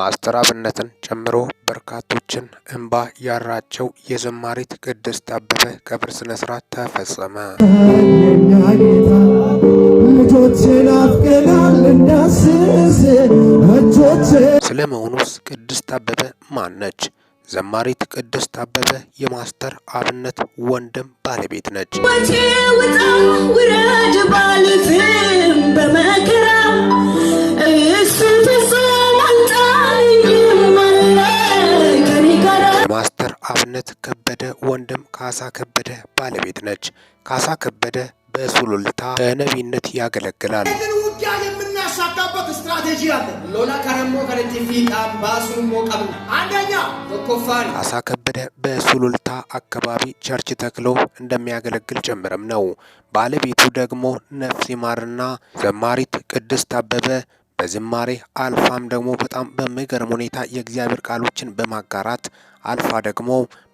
ማስተር አብነትን ጨምሮ በርካቶችን እንባ ያራቸው የዘማሪት ቅድስት አበበ ቀብር ስነ ስርዓት ተፈጸመ። ስለመሆኑስ ቅድስት አበበ ማን ነች? ዘማሪት ቅድስት አበበ የማስተር አብነት ወንድም ባለቤት ነች። ውረድ ባልፍም በመከራ እሱ ገነት ከበደ ወንድም ካሳ ከበደ ባለቤት ነች። ካሳ ከበደ በሱሉልታ በነቢነት ያገለግላል። ይህን ውጊያ የምናሳካበት ስትራቴጂ አለ። ሎላ ከረሞ ከረንቲ ከረቲፊ ጣምባሱሞ ሞቀብ አንደኛ ኮፋሪ ካሳ ከበደ በሱሉልታ አካባቢ ቸርች ተክሎ እንደሚያገለግል ጭምርም ነው። ባለቤቱ ደግሞ ነፍሲ ማርና ዘማሪት ቅድስት አበበ በዝማሬ አልፋም ደግሞ በጣም በሚገርም ሁኔታ የእግዚአብሔር ቃሎችን በማጋራት አልፋ ደግሞ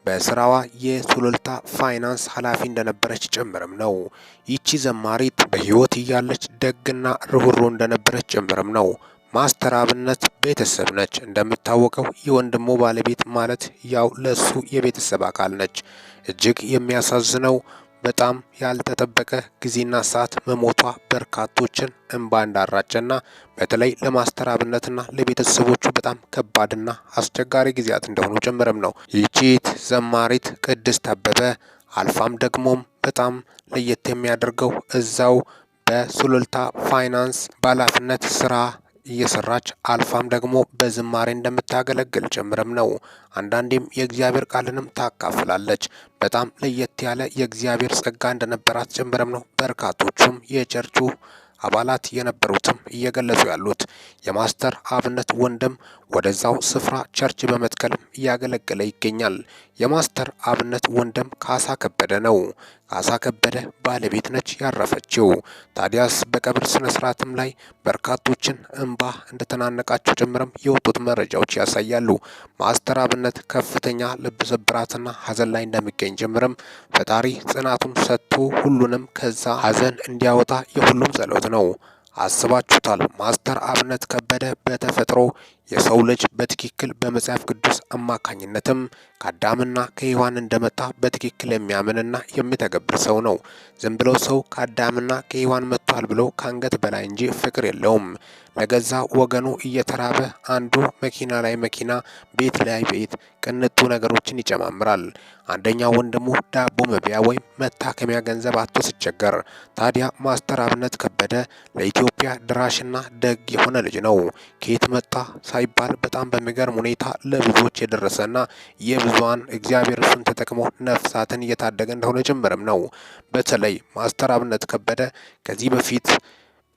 በስራዋ የሱሉልታ ፋይናንስ ኃላፊ እንደነበረች ጭምርም ነው። ይቺ ዘማሪት በህይወት እያለች ደግና ርኅሩ እንደነበረች ጭምርም ነው። ማስተር አብነት ቤተሰብ ነች። እንደምታወቀው የወንድሙ ባለቤት ማለት ያው ለሱ የቤተሰብ አካል ነች። እጅግ የሚያሳዝነው በጣም ያልተጠበቀ ጊዜና ሰዓት መሞቷ በርካቶችን እንባ እንዳራጨና በተለይ ለማስተር አብነትና ለቤተሰቦቹ በጣም ከባድና አስቸጋሪ ጊዜያት እንደሆኑ ጭምርም ነው። ይቺት ዘማሪት ቅድስት አበበ አልፋም ደግሞም በጣም ለየት የሚያደርገው እዛው በሱሉልታ ፋይናንስ በኃላፊነት ስራ እየሰራች አልፋም ደግሞ በዝማሬ እንደምታገለግል ጭምርም ነው። አንዳንዴም የእግዚአብሔር ቃልንም ታካፍላለች። በጣም ለየት ያለ የእግዚአብሔር ጸጋ እንደነበራት ጭምርም ነው። በርካቶቹም የቸርቹ አባላት የነበሩትም እየገለጹ ያሉት የማስተር አብነት ወንድም ወደዛው ስፍራ ቸርች በመትከልም እያገለገለ ይገኛል። የማስተር አብነት ወንድም ካሳ ከበደ ነው። ካሳ ከበደ ባለቤት ነች ያረፈችው። ታዲያስ በቀብር ስነ ስርዓትም ላይ በርካቶችን እንባ እንደተናነቃቸው ጭምርም የወጡት መረጃዎች ያሳያሉ። ማስተር አብነት ከፍተኛ ልብ ስብራትና ሀዘን ላይ እንደሚገኝ ጭምርም ፈጣሪ ጽናቱን ሰጥቶ ሁሉንም ከዛ ሀዘን እንዲያወጣ የሁሉም ጸሎት ነው። አስባችሁታል? ማስተር አብነት ከበደ በተፈጥሮ የሰው ልጅ በትክክል በመጽሐፍ ቅዱስ አማካኝነትም ከአዳምና ከሔዋን እንደመጣ በትክክል የሚያምንና የሚተገብር ሰው ነው። ዝም ብሎ ሰው ከአዳምና ከሔዋን መጥቷል ብሎ ከአንገት በላይ እንጂ ፍቅር የለውም። ለገዛ ወገኑ እየተራበ አንዱ መኪና ላይ መኪና፣ ቤት ላይ ቤት ቅንጡ ነገሮችን ይጨማምራል። አንደኛው ወንድሙ ዳቦ መብያ ወይም መታከሚያ ገንዘብ አቶ ሲቸገር፣ ታዲያ ማስተር አብነት ከበደ ለኢትዮጵያ ድራሽና ደግ የሆነ ልጅ ነው። ከየት መጣ ሳይባል በጣም በሚገርም ሁኔታ ለብዙዎች የደረሰና የብዙን እግዚአብሔር እሱን ተጠቅሞ ነፍሳትን እየታደገ እንደሆነ ጭምርም ነው። በተለይ ማስተር አብነት ከበደ ከዚህ በፊት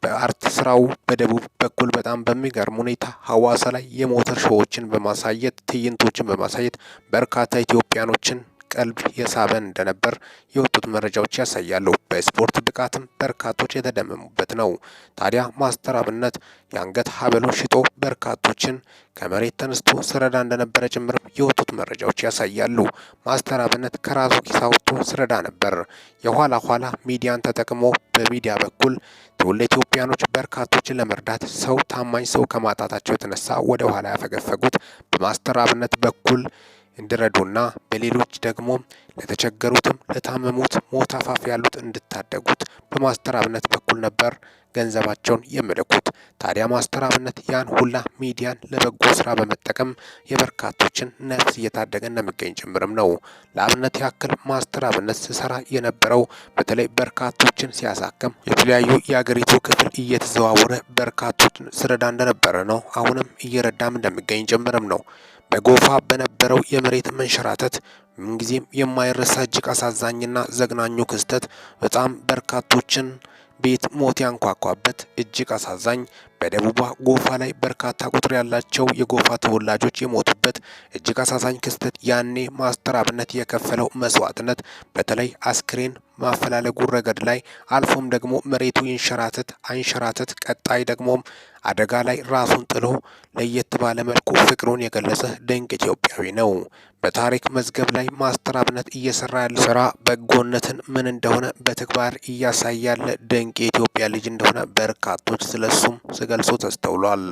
በአርት ስራው በደቡብ በኩል በጣም በሚገርም ሁኔታ ሀዋሳ ላይ የሞተር ሾዎችን በማሳየት ትዕይንቶችን በማሳየት በርካታ ኢትዮጵያኖችን ቀልብ የሳበን እንደነበር የወጡት መረጃዎች ያሳያሉ። በስፖርት ብቃትም በርካቶች የተደመሙበት ነው። ታዲያ ማስተር አብነት የአንገት ሀብሉን ሽጦ በርካቶችን ከመሬት ተነስቶ ስረዳ እንደነበረ ጭምርም የወጡት መረጃዎች ያሳያሉ። ማስተር አብነት ከራሱ ኪስ ስረዳ ነበር። የኋላ ኋላ ሚዲያን ተጠቅሞ በሚዲያ በኩል ትውልደ ኢትዮጵያኖች በርካቶችን ለመርዳት ሰው ታማኝ ሰው ከማጣታቸው የተነሳ ወደ ኋላ ያፈገፈጉት በማስተር አብነት በኩል እንዲረዱና በሌሎች ደግሞ ለተቸገሩትም ለታመሙት ሞት አፋፍ ያሉት እንድታደጉት በማስተራብነት በኩል ነበር ገንዘባቸውን የሚልኩት። ታዲያ ማስተራብነት ያን ሁላ ሚዲያን ለበጎ ስራ በመጠቀም የበርካቶችን ነፍስ እየታደገ እንደሚገኝ ጭምርም ነው። ለአብነት ያክል ማስተራብነት ስሰራ የነበረው በተለይ በርካቶችን ሲያሳክም የተለያዩ የአገሪቱ ክፍል እየተዘዋወረ በርካቶችን ስረዳ እንደነበረ ነው። አሁንም እየረዳም እንደሚገኝ ጭምርም ነው። በጎፋ በነበረው የመሬት መንሸራተት ምንጊዜም የማይረሳ እጅግ አሳዛኝና ዘግናኙ ክስተት በጣም በርካቶችን ቤት ሞት ያንኳኳበት እጅግ አሳዛኝ በደቡብ ጎፋ ላይ በርካታ ቁጥር ያላቸው የጎፋ ተወላጆች የሞቱበት እጅግ አሳዛኝ ክስተት ያኔ ማስተር አብነት የከፈለው መስዋዕትነት በተለይ አስክሬን ማፈላለጉ ረገድ ላይ አልፎም ደግሞ መሬቱ ይንሸራተት አይንሸራተት ቀጣይ ደግሞም አደጋ ላይ ራሱን ጥሎ ለየት ባለ መልኩ ፍቅሩን የገለጸ ድንቅ ኢትዮጵያዊ ነው። በታሪክ መዝገብ ላይ ማስተር አብነት እየሰራ ያለው ስራ በጎነትን ምን እንደሆነ በተግባር እያሳያለ ድንቅ የኢትዮጵያ ልጅ እንደሆነ በርካቶች ስለሱም ስገልጾ ተስተውሏል።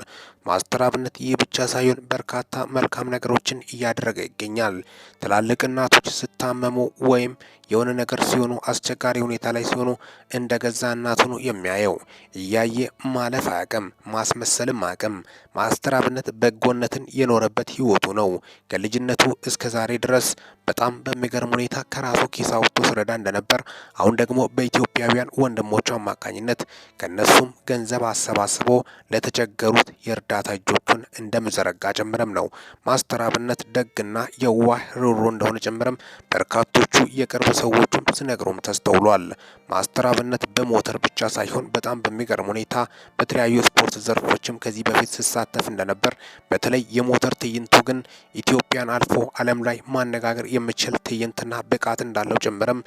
ማስተር አብነት ይህ ብቻ ሳይሆን በርካታ መልካም ነገሮችን እያደረገ ይገኛል። ትላልቅ እናቶች ስታመሙ ወይም የሆነ ነገር ሲሆኑ፣ አስቸጋሪ ሁኔታ ላይ ሲሆኑ እንደ ገዛ እናት ሆኖ የሚያየው እያየ ማለፍ አያቅም፣ ማስመሰልም አያቅም። ማስተር አብነት በጎነትን የኖረበት ህይወቱ ነው ከልጅነቱ እስከ ዛሬ ድረስ በጣም በሚገርም ሁኔታ ከራሱ ኪስ አውጥቶ ስረዳ እንደነበር፣ አሁን ደግሞ በኢትዮጵያውያን ወንድሞቹ አማካኝነት ከነሱም ገንዘብ አሰባስቦ ለተቸገሩት የእርዳታ እጆቹን እንደምዘረጋ ጭምርም ነው። ማስተር አብነት ደግና የዋህ ርሮ እንደሆነ ጭምርም በርካቶቹ የቅርብ ሰዎቹም ሲነግሩም ተስተውሏል። ማስተር አብነት በሞተር ብቻ ሳይሆን በጣም በሚገርም ሁኔታ በተለያዩ ስፖርት ዘርፎችም ከዚህ በፊት ሲሳተፍ እንደነበር፣ በተለይ የሞተር ትዕይንቱ ግን ኢትዮጵያን አልፎ ዓለም ላይ ማነጋገር የሚችል ትዕይንትና ብቃት እንዳለው ጭምርም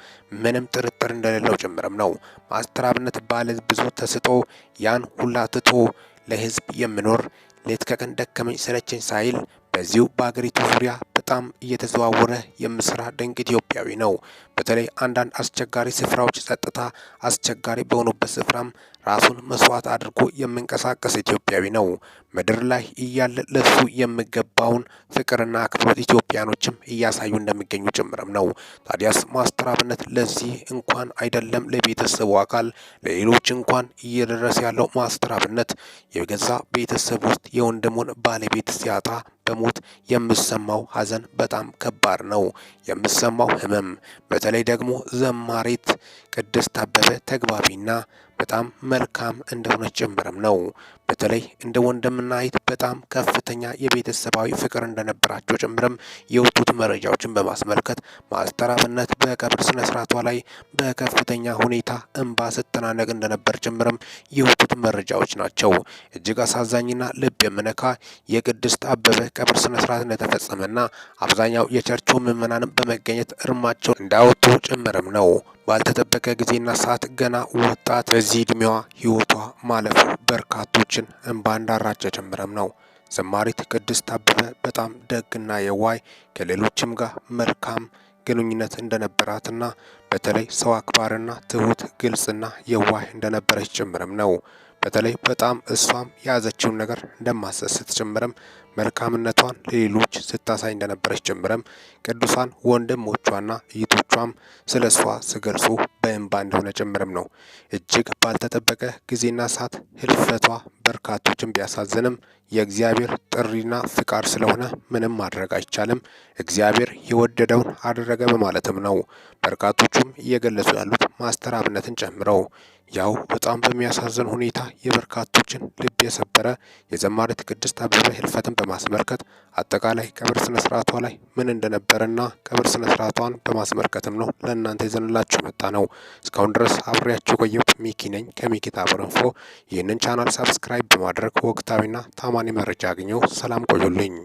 ምንም ጥርጥር እንደሌለው ጭምርም ነው። ማስተር አብነት ባለ ብዙ ተስጦ ያን ሁላ ትቶ ለህዝብ የሚኖር ሌት ከቀን ደከመኝ ሰለቸኝ ሳይል በዚሁ በሀገሪቱ ዙሪያ በጣም እየተዘዋወረ የምስራ ድንቅ ኢትዮጵያዊ ነው። በተለይ አንዳንድ አስቸጋሪ ስፍራዎች ጸጥታ አስቸጋሪ በሆኑበት ስፍራም ራሱን መስዋዕት አድርጎ የምንቀሳቀስ ኢትዮጵያዊ ነው። ምድር ላይ እያለ ለሱ የሚገባውን ፍቅርና አክብሮት ኢትዮጵያኖችም እያሳዩ እንደሚገኙ ጭምርም ነው። ታዲያስ ማስተር አብነት ለዚህ እንኳን አይደለም ለቤተሰቡ አካል ለሌሎች እንኳን እየደረሰ ያለው ማስተር አብነት የገዛ ቤተሰብ ውስጥ የወንድሙን ባለቤት ሲያጣ ሲሞት የምሰማው ሀዘን በጣም ከባድ ነው። የምሰማው ህመም በተለይ ደግሞ ዘማሪት ቅድስት አበበ ተግባቢና በጣም መልካም እንደሆነች ጭምርም ነው። በተለይ እንደ ወንድምና እህት በጣም ከፍተኛ የቤተሰባዊ ፍቅር እንደነበራቸው ጭምርም የወጡት መረጃዎችን በማስመልከት ማስተር አብነት በቀብር ስነ ስርዓቷ ላይ በከፍተኛ ሁኔታ እንባ ስትናነቅ እንደነበር ጭምርም የወጡት መረጃዎች ናቸው። እጅግ አሳዛኝና ልብ የምነካ የቅድስት አበበ ቀብር ስነ ስርዓት እንደተፈጸመና አብዛኛው የቸርቹ ምዕመናንም በመገኘት እርማቸው እንዳወጡ ጭምርም ነው። ባልተጠበቀ ጊዜና ሰዓት ገና ወጣት በዚህ ህይወቷ ማለፉ በርካቶችን እንባ እንዳራጨ ጀምረም ነው። ዘማሪት ቅድስት አበበ በጣም ደግና የዋይ ከሌሎችም ጋር መልካም ግንኙነት እንደነበራትና በተለይ ሰው አክባርና ትሁት ግልጽና የዋህ እንደነበረች ጭምርም ነው። በተለይ በጣም እሷም የያዘችውን ነገር እንደማሰስት ጭምርም መልካምነቷን ለሌሎች ስታሳይ እንደነበረች ጭምርም ቅዱሳን ወንድሞቿና እይቶ ጓደኞቿም ስለ እሷ ሲገልጹ በእንባ እንደሆነ ጭምርም ነው። እጅግ ባልተጠበቀ ጊዜና ሰዓት ህልፈቷ በርካቶችን ቢያሳዝንም የእግዚአብሔር ጥሪና ፍቃድ ስለሆነ ምንም ማድረግ አይቻልም፣ እግዚአብሔር የወደደውን አደረገ በማለትም ነው በርካቶቹም እየገለጹ ያሉት ማስተር አብነትን ጨምረው ያው በጣም በሚያሳዝን ሁኔታ የበርካቶችን ልብ የሰበረ የዘማሪት ቅድስት አበበ ህልፈትን በማስመልከት አጠቃላይ ቀብር ስነ ስርዓቷ ላይ ምን እንደነበረና ቀብር ስነ ስርዓቷን በማስመልከትም ነው ለእናንተ ይዘንላችሁ መጣ ነው። እስካሁን ድረስ አብሬያችሁ ቆየሁት። ሚኪ ነኝ ከሚኪታ በረንፎ። ይህንን ቻናል ሳብስክራይብ በማድረግ ወቅታዊና ታማኒ መረጃ አግኘው። ሰላም ቆዩልኝ።